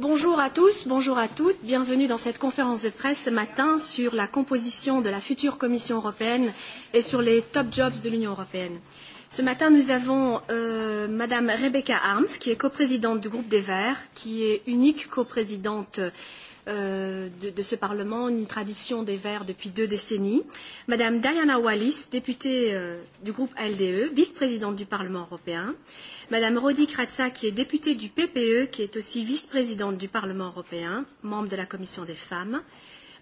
Bonjour à tous, bonjour à toutes, bienvenue dans cette conférence de presse ce matin sur la composition de la future Commission européenne et sur les top jobs de l'Union européenne. Ce matin, nous avons euh, Madame Rebecca Arms, qui est coprésidente du groupe des Verts, qui est unique coprésidente euh, de, de ce Parlement, une tradition des Verts depuis deux décennies. Madame Diana Wallis, députée euh, du groupe LDE, vice-présidente du Parlement européen. Euh, Madame Rodi Kratza, qui est députée du PPE, qui est aussi vice-présidente du Parlement européen, membre de la Commission des femmes,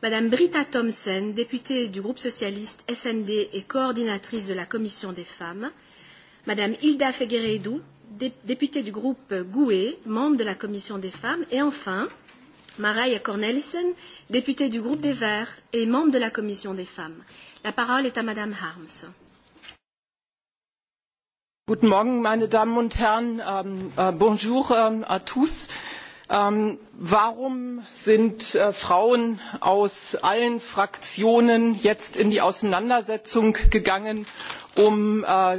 Madame Britta Thomsen, députée du groupe socialiste SND et coordinatrice de la Commission des femmes, Madame Hilda Fegueredou, dé députée du groupe GUE, membre de la Commission des femmes, et enfin Maria Cornelissen, députée du groupe des Verts et membre de la Commission des femmes. La parole est à Madame Harms. Guten Morgen, meine Damen und Herren. Ähm, äh, bonjour äh, à tous. Ähm, warum sind äh, Frauen aus allen Fraktionen jetzt in die Auseinandersetzung gegangen, um äh,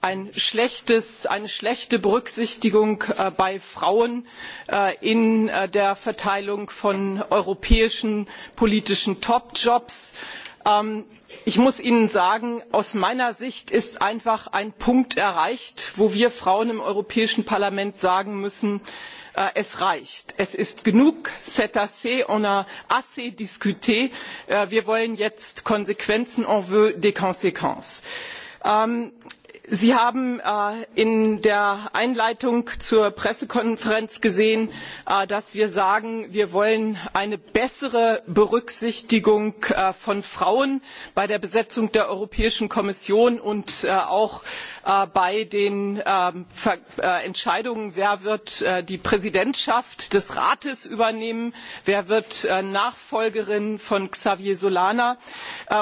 ein schlechtes, eine schlechte Berücksichtigung äh, bei Frauen äh, in äh, der Verteilung von europäischen politischen Topjobs Ähm, ich muss ihnen sagen aus meiner sicht ist einfach ein punkt erreicht wo wir frauen im europäischen parlament sagen müssen äh, es reicht es ist genug c'est assez on a assez discut äh, wir wollen jetzt konsequenzen on veut des consquences. Ähm, sie haben äh, in der einleitung zur pressekonferenz gesehen äh, dass wir sagen wir wollen eine bessere berücksichtigung äh, von frauen bei der besetzung der europäischen kommission und äh, auch äh, bei den ähm, äh, entscheidungen wer wird die präsidentschaft des rates übernehmen wer wird nachfolgerin von javier solana.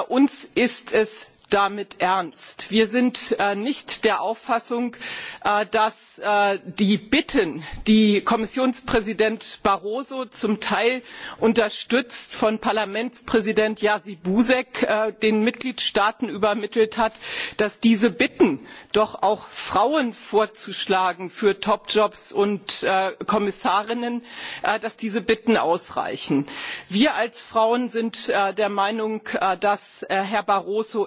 uns ist es damit ernst. wir sind äh, nicht der auffassung äh, dass äh, die bitten die kommissionspräsident barroso zum teil unterstützt von parlamentspräsident jerzy buzek äh, den mitgliedstaaten übermittelt hat dass diese bitten doch auch frauen vorzuschlagen für topjobs und äh, kommissarinnen äh, dass diese bitten ausreichen. wir als frauen sind der meinung dass herr barroso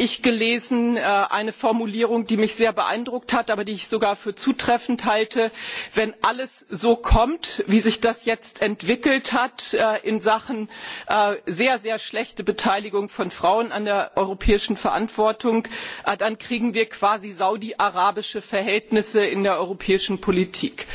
ich gelesen äh, eine formulierung die mich sehr beeindruckt hat aber die ich sogar für zutreffend halte wenn alles so kommt wie sich das jetzt entwickelt hat äh, in sachen äh, sehr sehr schlechte beteiligung von frauen an der europäischen verantwortung dann kriegen wir quasi saudi arabische verhältnisse in der europäischen politik.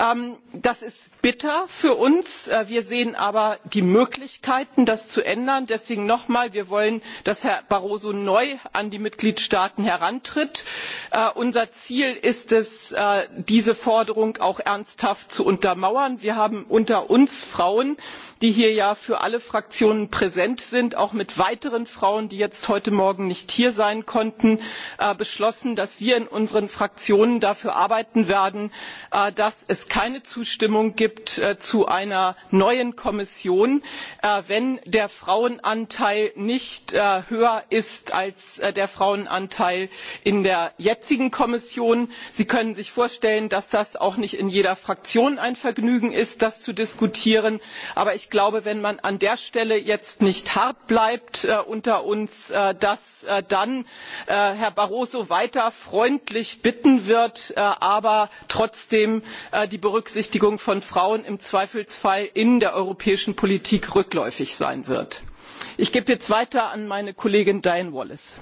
Ähm, das ist bitter für uns wir sehen aber die möglichkeiten das zu ändern. deswegen noch einmal wir wollen dass herr barroso neu an die mitgliedstaaten herantritt. Äh, unser ziel ist es äh, diese forderung auch ernsthaft zu untermauern. wir haben unter uns frauen die hier ja für alle fraktionen präsent sind auch mit weiteren frauen die jetzt heute morgen nicht hier sein konnten äh, beschlossen dass wir in unseren fraktionen dafür arbeiten werden äh, dass es keine zustimmung gibt äh, zu einer neuen kommission äh, wenn der frauenanteil nicht höher ist als äh, der frauenanteil in der jetzigen kommission. sie können sich vorstellen dass das auch nicht in jeder fraktion ein vergnügen ist das zu diskutieren aber ich glaube wenn man an der stelle jetzt nicht hart bleibt äh, unter uns äh, dass dann herr barroso weiter freundlich bitten wird aber trotzdem die berücksichtigung von frauen im zweifelsfall in der europäischen politik rückläufig sein wird ich gebe jetzt weiter an meine kollegin diane wallis.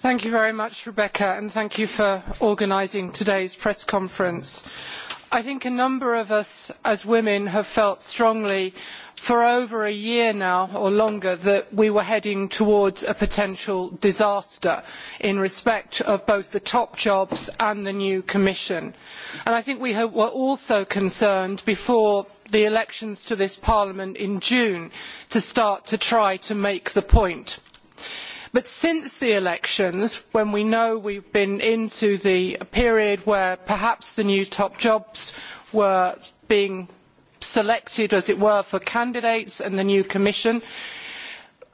thank you very much rebecca and thank you for organising today's press conference. i think a number of us as women have felt strongly for over a year now or longer that we were heading towards a potential disaster in respect of both the top jobs and the new commission. And i think we were also concerned before the elections to this parliament in june to start to try to make the point but since the elections when we know we have been into the period where perhaps the new top jobs were being selected as it were for candidates and the new commission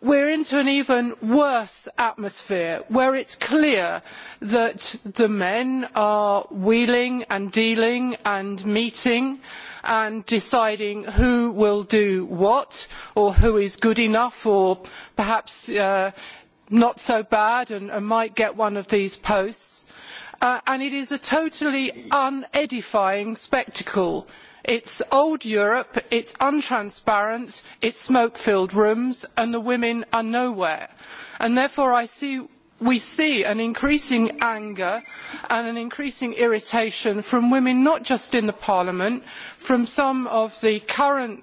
we are into an even worse atmosphere where it is clear that the men are wheeling and dealing and meeting and and deciding who will do what or who is good enough or perhaps uh, not so bad and, and might get one of these posts. Uh, and it is a totally unedifying spectacle. It's old Europe, it's untransparent, it's smoke-filled rooms, and the women are nowhere. And therefore I see we see an increasing anger and an increasing irritation from women not just in parliament but from some of the current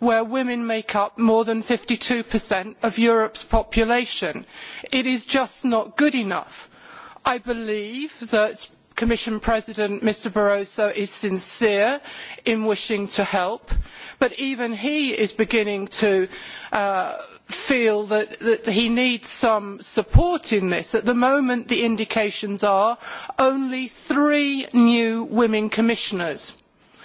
where women make up more than fifty two of europe's population. it is just not good enough. i believe that commission president mr barroso is sincere in wishing to help but even he is beginning to uh, feel that, that he needs some support in this. At the moment, the indications are only three new women commissioners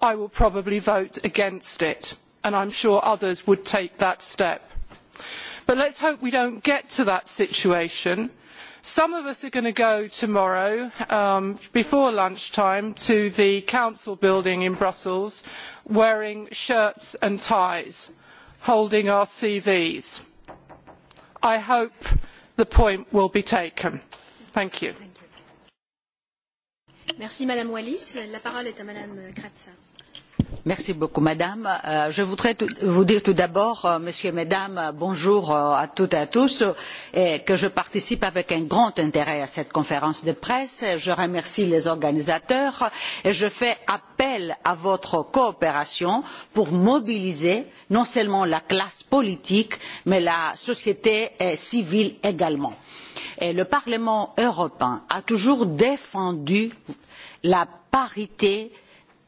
i will probably vote against it and i am sure others would take that step. but let us hope we do not get to that situation. some of us are going to go tomorrow um, before lunchtime to the council building in brussels wearing shirts and ties holding our cvs. i hope the point will be taken. thank you. Thank you. Merci Madame Wallis. La parole est à Madame Kratza. Merci beaucoup, madame. Euh, je voudrais tout, vous dire tout d'abord, euh, monsieur et mesdames, euh, bonjour euh, à toutes et à tous, et que je participe avec un grand intérêt à cette conférence de presse. Je remercie les organisateurs et je fais appel à votre coopération pour mobiliser non seulement la classe politique, mais la société civile également. Et le Parlement européen a toujours défendu la parité euh,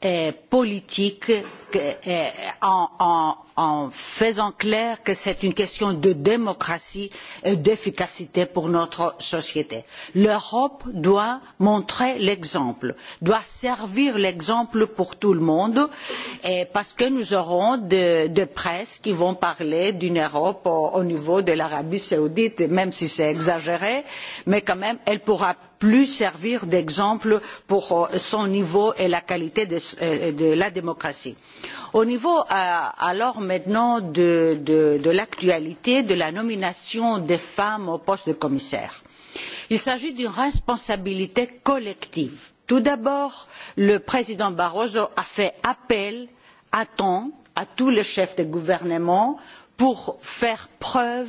euh, politique que, euh, en, en, en faisant clair que c'est une question de démocratie et d'efficacité pour notre société. L'Europe doit montrer l'exemple, doit servir l'exemple pour tout le monde, et parce que nous aurons des de presse qui vont parler d'une Europe au, au niveau de l'Arabie saoudite, même si c'est exagéré, mais quand même, elle pourra plus servir d'exemple pour euh, son niveau et la qualité de, euh, de la démocratie. Au niveau euh, alors maintenant de, de, de l'actualité de la nomination des femmes au poste de commissaire, il s'agit d'une responsabilité collective. Tout d'abord, le président Barroso a fait appel à temps à tous les chefs de gouvernement pour faire preuve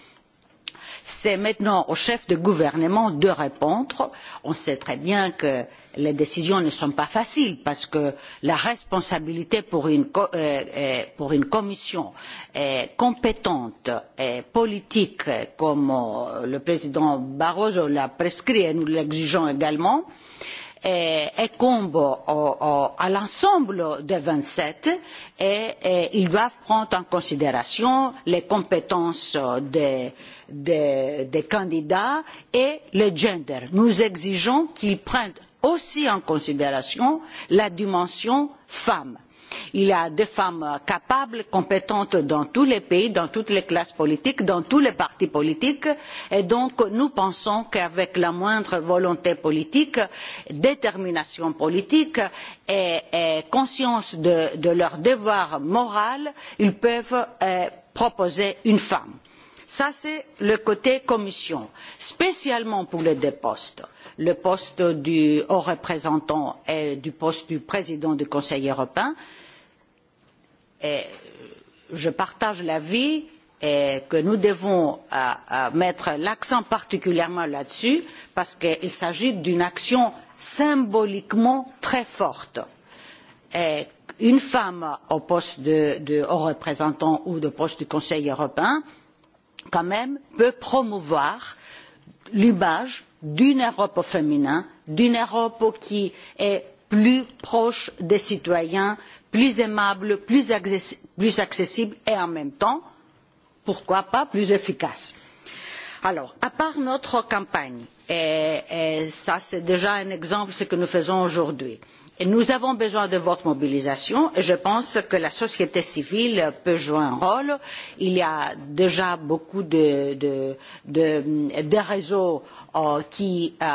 C'est maintenant aux chefs de gouvernement de répondre. On sait très bien que les décisions ne sont pas faciles parce que la responsabilité pour une, euh, euh, pour une commission euh, compétente et politique comme euh, le président Barroso l'a prescrit et nous l'exigeons également, euh, incombe au, au, à l'ensemble des vingt sept et, et ils doivent prendre en considération les compétences des, des, des candidats et le gender. Nous exigeons qu'ils prennent aussi en considération la dimension femme Il y a des femmes capables, compétentes dans tous les pays, dans toutes les classes politiques, dans tous les partis politiques. Et donc, nous pensons qu'avec la moindre volonté politique, détermination politique et, et conscience de, de leur devoir moral, ils peuvent euh, proposer une femme. Ça, c'est le côté commission, spécialement pour les deux postes, le poste du haut représentant et du poste du président du Conseil européen. Euh, eh, je partage l'avis eh, que nous devons à, euh, à euh, mettre l'accent particulièrement là-dessus parce qu'il s'agit d'une action symboliquement très forte. Eh, une femme au poste de, de haut représentant ou de poste du Conseil européen, quand même, peut promouvoir l'image d'une Europe féminin, d'une Europe qui est plus proche des citoyens, plus aimable, plus, accessi plus accessible et en même temps, pourquoi pas, plus efficace. Alors, à part notre campagne, Et, et ça, c'est déjà un exemple de ce que nous faisons aujourd'hui. Et nous avons besoin de votre mobilisation et je pense que la société civile peut jouer un rôle. Il y a déjà beaucoup de, de, de, de réseaux euh, qui euh,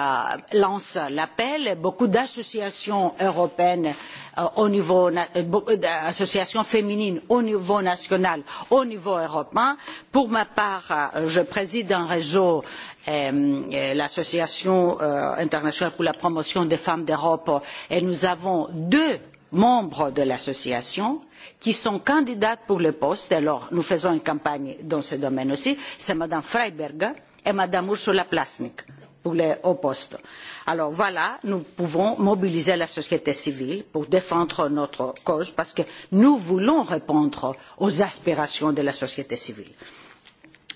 lancent l'appel, beaucoup d'associations européennes euh, au niveau, euh, euh, d'associations féminines au niveau national, au niveau européen. Pour ma part, euh, je préside un réseau Euh, euh, l'Association euh, internationale pour la promotion des femmes d'Europe et nous avons deux membres de l'association qui sont candidates pour le poste. Alors nous faisons une campagne dans ce domaine aussi. C'est Madame Freiberger et Madame Ursula Plasnik pour les hauts postes. Alors voilà, nous pouvons mobiliser la société civile pour défendre notre cause parce que nous voulons répondre aux aspirations de la société civile. Euh,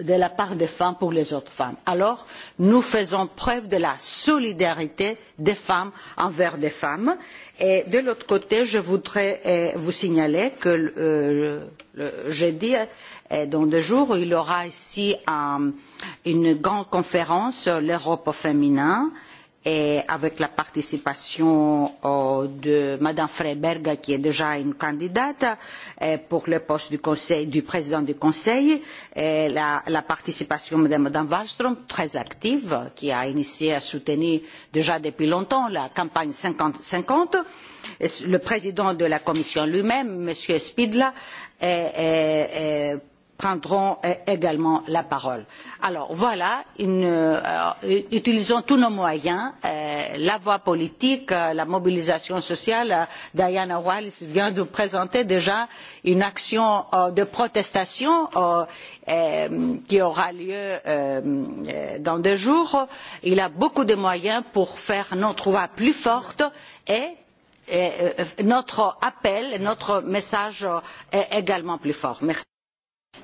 de la part des femmes pour les autres femmes. Alors, nous faisons preuve de la solidarité des femmes envers les femmes. Et de l'autre côté, je voudrais eh, vous signaler que euh, le jeudi, eh, dans deux jours, il y aura ici un, une grande conférence sur l'Europe féminin. Euh, et avec la participation euh, de Madame Freiberg, qui est déjà une candidate euh, pour le poste du, conseil, du président du Conseil, et la, la participation de Madame Wallström, très active, qui a initié à soutenir déjà depuis longtemps la campagne 50-50, le président de la Commission lui-même, Monsieur Spidla, est, est, est prendront eh, également la parole. Alors voilà, une, euh, euh utilisons tous nos moyens, euh, la voie politique, euh, la mobilisation sociale. Euh, Diana Wallis vient de présenter déjà une action euh, de protestation euh, euh, qui aura lieu euh, euh, dans deux jours. Il a beaucoup de moyens pour faire notre voix plus forte et et notre appel, notre message est également plus fort. Merci.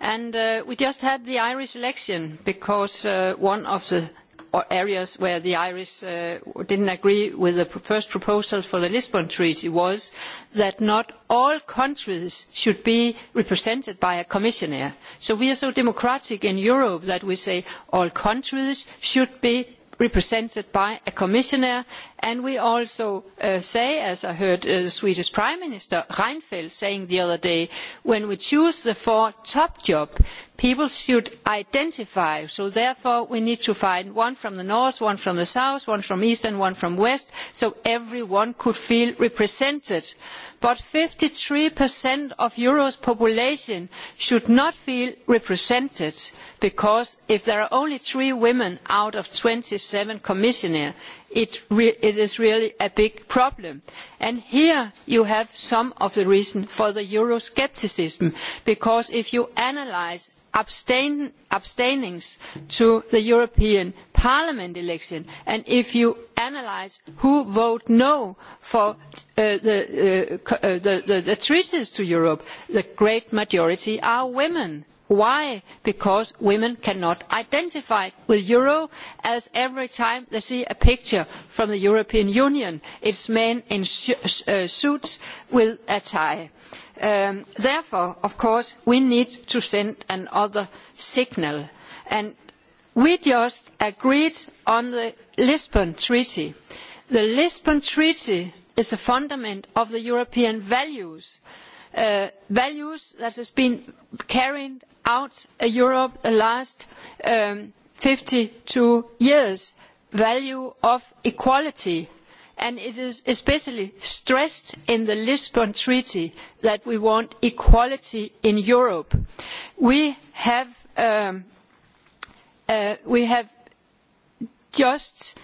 And uh, we just had the Irish election because uh, one of the areas where the Irish uh, didn't agree with the pr first proposal for the Lisbon Treaty was that not all countries should be represented by a commissioner. So we are so democratic in Europe that we say all countries should be represented by a commissioner and we also uh, say as i heard uh, the swedish prime minister reinfeldt saying the other day when we choose the four top jobs people should identify so therefore we need to find one from the north one from the south one from east and one from west so everyone could feel represented but fifty three of europe's population should not feel represented because if there are only three women out of twenty seven commissioners it, re- it is really a big problem. And here you have some of the reason for the Euroscepticism, because if you analyse abstain, abstainings to the European Parliament election, and if you analyse who voted no for uh, the, uh, uh, the, the, the treaties to Europe, the great majority are women. Why? Because women cannot identify with Euro as every time they see a picture from the European Union, it's men in su uh, suits with a tie. Uh, Um, therefore, of course, we need to send another signal. And we just agreed on the Lisbon Treaty. The Lisbon Treaty is a fundament of the European values, uh, values that has been carried out in Europe the last um, 52 years, value of equality, and it is especially stressed in the lisbon treaty that we want equality in europe. we have, um, uh, we have just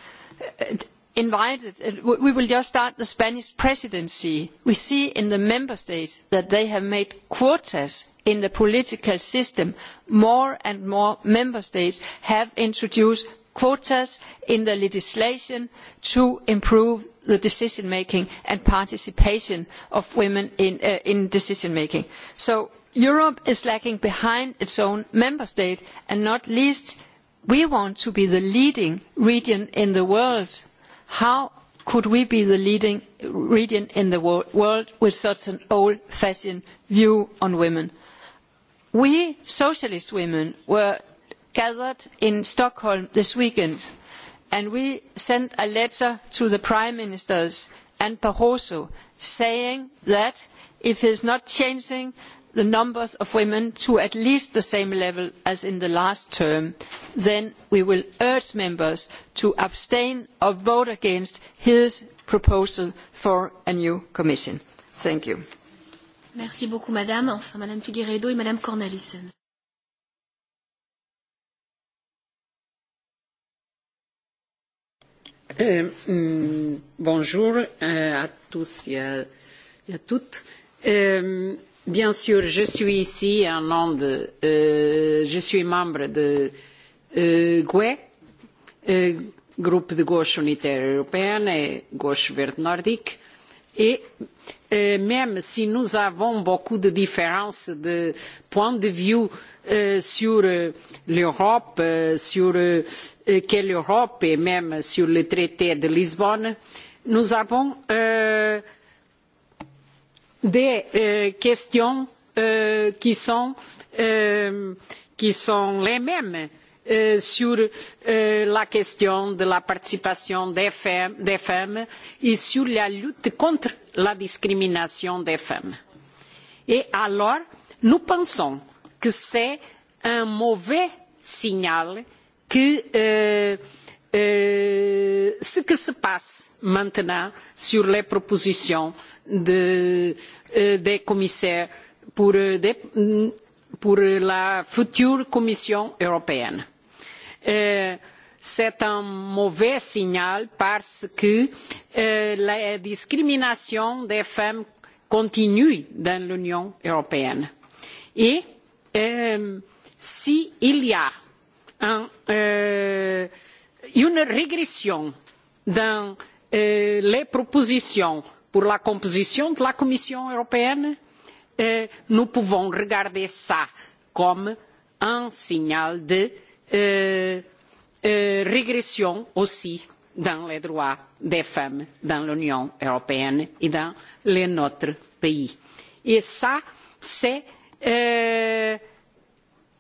uh, invited uh, we will just start the spanish presidency we see in the member states that they have made quotas in the political system more and more member states have introduced quotas in the legislation to improve the decision making and participation of women in, uh, in decision making. So Europe is lagging behind its own member state and not least we want to be the leading region in the world. How could we be the leading region in the wor world with such an old-fashioned view on women? We, socialist women, were gathered in Stockholm this weekend, and we sent a letter to the Prime Ministers and Barroso saying that if he is not changing the numbers of women to at least the same level as in the last term, then we will urge members to abstain or vote against his proposal for a new commission. Thank you. Merci beaucoup, Madame. Enfin, Madame Figueiredo et Madame Cornelissen. Euh, um, bonjour euh, à tous et à, et à toutes. Euh, bien sûr, je suis ici en nom de. Euh, je suis membre de euh, GUE, euh, Groupe de Gauche Unitaire Européenne et Gauche Verte Nordique Et euh, même si nous avons beaucoup de différences de point de vue euh, sur euh, l'Europe, euh, sur euh, euh, quelle Europe et même sur le traité de Lisbonne, nous avons euh, des euh, questions euh, qui, sont, euh, qui sont les mêmes. Euh, euh, sur euh, la question de la participation des femmes, des femmes et sur la lutte contre la discrimination des femmes. Et alors, nous pensons que c'est un mauvais signal que euh, euh, ce que se passe maintenant sur les propositions de, euh, des commissaires pour, euh, de, pour la future Commission européenne c'est eh, un mauvais signal parce que euh, la discrimination des femmes continue dans l'Union européenne. Et euh, s'il si y a un, euh, une régression dans euh, les propositions pour la composition de la Commission européenne, euh, nous pouvons regarder ça comme un signal de euh, euh, euh, régression aussi dans les droits des femmes dans l'Union européenne et dans les notre pays. Et ça, c'est euh,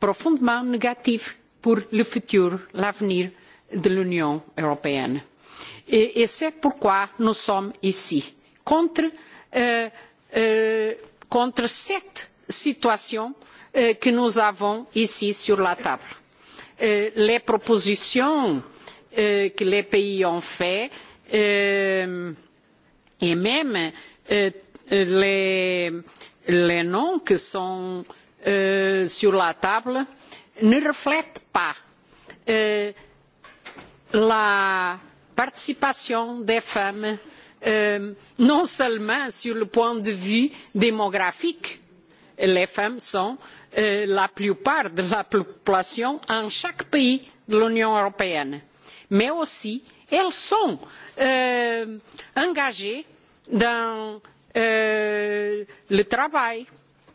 profondément négatif pour le futur, l'avenir de l'Union européenne. Et, et c'est pourquoi nous sommes ici, contre, euh, euh, contre cette situation euh, que nous avons ici sur la table euh, les propositions euh, que les pays ont faites euh, et même euh, les, les noms qui sont euh, sur la table ne reflètent pas euh, la participation des femmes euh, non seulement sur le point de vue démographique les femmes sont euh, la plupart de la population en chaque pays de l'Union européenne. Mais aussi, elles sont euh, engagées dans euh, le travail,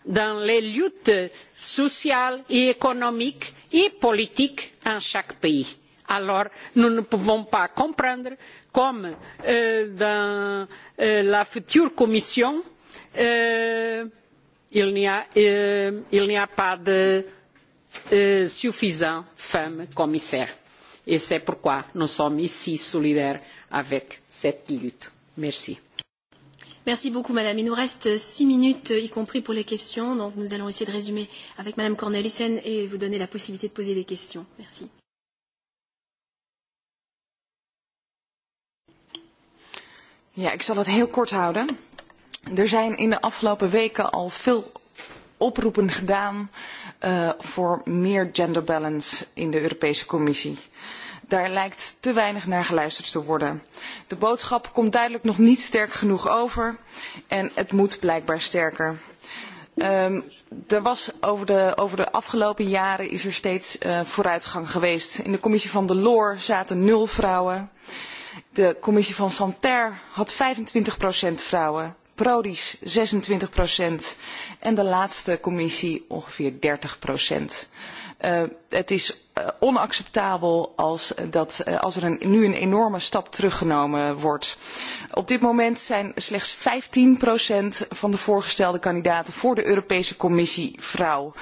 dans les luttes sociales et économiques et politiques en chaque pays. Alors, nous ne pouvons pas comprendre comme euh, dans euh, la future Commission, euh, il n'y a, euh, il n'y a pas de euh, suffisant femmes commissaires. Et c'est pourquoi nous sommes ici solidaires avec cette lutte. Merci. Merci beaucoup, Madame. Il nous reste six minutes, y compris pour les questions. Donc, nous allons essayer de résumer avec Madame Cornelissen et vous donner la possibilité de poser des questions. Merci. Ja, ik zal het heel kort houden. Er zijn in de afgelopen weken al veel oproepen gedaan uh, voor meer gender balance in de Europese Commissie. Daar lijkt te weinig naar geluisterd te worden. De boodschap komt duidelijk nog niet sterk genoeg over en het moet blijkbaar sterker. Um, er was over, de, over de afgelopen jaren is er steeds uh, vooruitgang geweest. In de commissie van de Loor zaten nul vrouwen. De commissie van Santerre had 25% vrouwen. PRODIS 26 procent en de laatste commissie ongeveer 30 procent. Uh, het is uh, onacceptabel als, eh, dat, uh, als er een, nu een enorme stap teruggenomen wordt. Op dit moment zijn slechts 15 procent van de voorgestelde kandidaten voor de Europese Commissie vrouw.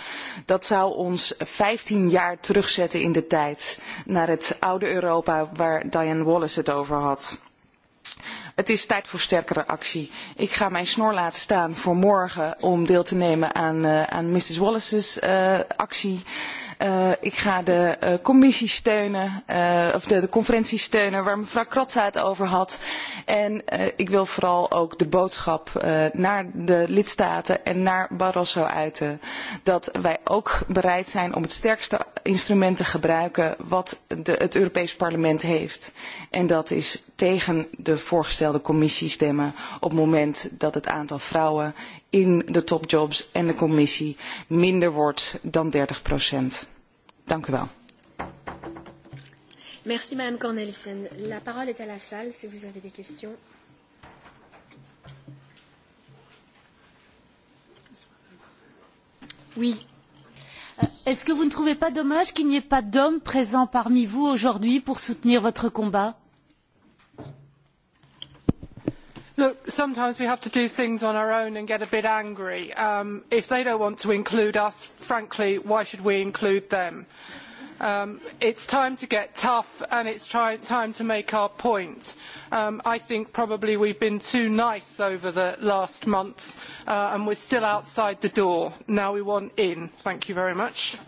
Dat zou ons 15 jaar terugzetten in de tijd naar het oude Europa waar Diane Wallace het over had. Uh, Het is tijd voor sterkere actie. Ik ga mijn snor laten staan voor morgen om deel te nemen aan, uh, aan Mrs. Wallace's uh, actie. Uh, ik ga de uh, commissie steunen, uh, of de, de conferentie steunen waar mevrouw Kratza het over had. En uh, ik wil vooral ook de boodschap uh, naar de lidstaten en naar Barroso uiten. Dat wij ook bereid zijn om het sterkste instrument te gebruiken wat de, het Europees Parlement heeft. En dat is tegen de voorgestelde commissie stemmen op het moment dat het aantal vrouwen in de topjobs en de commissie minder wordt dan 30 procent. Dank u wel. Merci Madame Cornelissen. La parole est à la salle si vous avez des questions. Oui. Euh, est-ce que vous ne trouvez pas dommage qu'il n'y ait pas d'hommes présents parmi vous aujourd'hui pour soutenir votre combat Look, sometimes we have to do things on our own and get a bit angry. Um, if they don't want to include us, frankly, why should we include them? Um, it's time to get tough and it's try- time to make our point. Um, I think probably we've been too nice over the last months uh, and we're still outside the door. Now we want in. Thank you very much.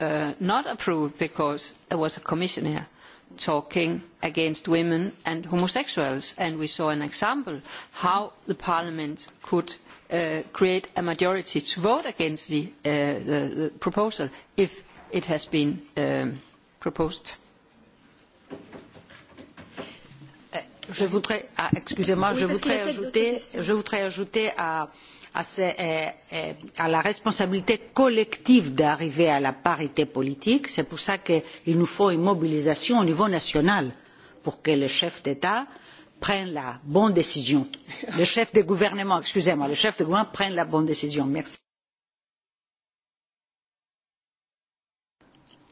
uh, not approved because there was a commissioner talking against women and homosexuals. And we saw an example how the parliament could uh, create a majority to vote against the, uh, the, the proposal if it has been um, proposed. Euh, je voudrais, ah, excusez-moi, oui, je, voudrais ajouter, je voudrais ajouter à, à, ce, euh, euh, à la responsabilité collective d'arriver à la parité politique. C'est pour ça qu'il nous faut une mobilisation au niveau national pour que les chefs d'État prennent la bonne décision. Les chefs de gouvernement, excusez-moi, les chefs de gouvernement prennent la bonne décision. Merci.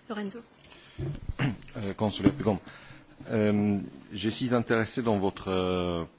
Lorenzo. Euh, consul Epicom, euh, je suis intéressé dans votre euh,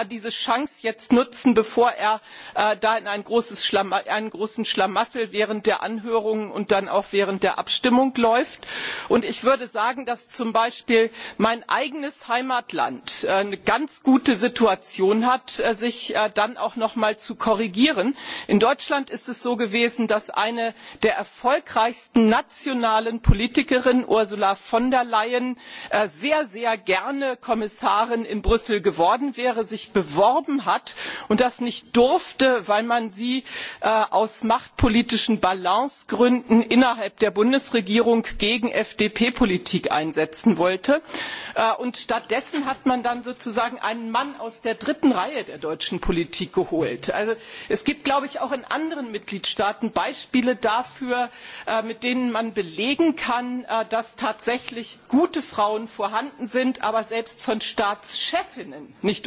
eugh diese chance jetzt nutzen bevor er äh, da in ein einen großen schlamassel während der anhörungen und dann auch während der abstimmung läuft. und ich würde sagen dass zum beispiel mein eigenes heimatland äh, eine ganz gute situation hat äh, sich äh, dann auch noch mal zu korrigieren. in deutschland ist es so gewesen dass eine der erfolgreichsten nationalen politikerinnen ursula von der leyen äh, sehr sehr gerne kommissarin in brüssel geworden wäre sich beworben hat und das nicht durfte weil man sie äh, aus machtpolitischen balancegründen innerhalb der bundesregierung gegen fdp politik einsetzen wollte. Äh, und stattdessen hat man dann sozusagen einen mann aus der dritten reihe der deutschen politik geholt. Also es gibt glaube ich auch in anderen mitgliedstaaten beispiele dafür äh, mit denen man belegen kann äh, dass tatsächlich gute frauen vorhanden sind aber selbst von staatschefinnen nicht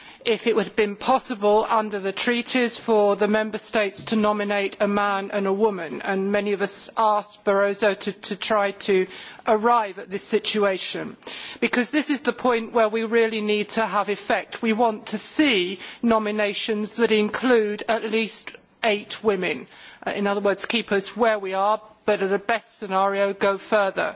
if it had been possible under the treaties for the member states to nominate a man and a woman and many of us asked barroso to, to try to arrive at this situation because this is the point where we really need to have effect. we want to see nominations that include at least eight women uh, in other words keep us where we are but at a best scenario go further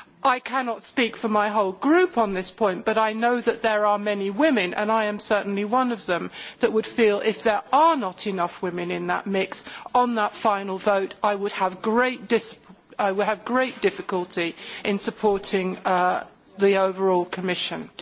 I cannot speak for my whole group on this point, but I know that there are many women, and I am certainly one of them, that would feel if there are not enough women in that mix on that final vote, I would have great, dis I would have great difficulty in supporting uh, the overall Commission. Uh,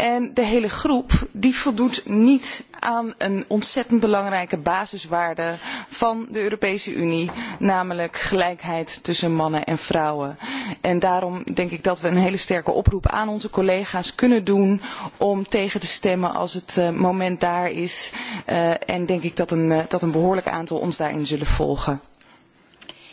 En de hele groep die voldoet niet aan een ontzettend belangrijke basiswaarde van de Europese Unie, namelijk gelijkheid tussen mannen en vrouwen. En daarom denk ik dat we een hele sterke oproep aan onze collega's kunnen doen om tegen te stemmen als het uh, moment daar is. Uh, en denk ik dat een, uh, dat een behoorlijk aantal ons daarin zullen volgen.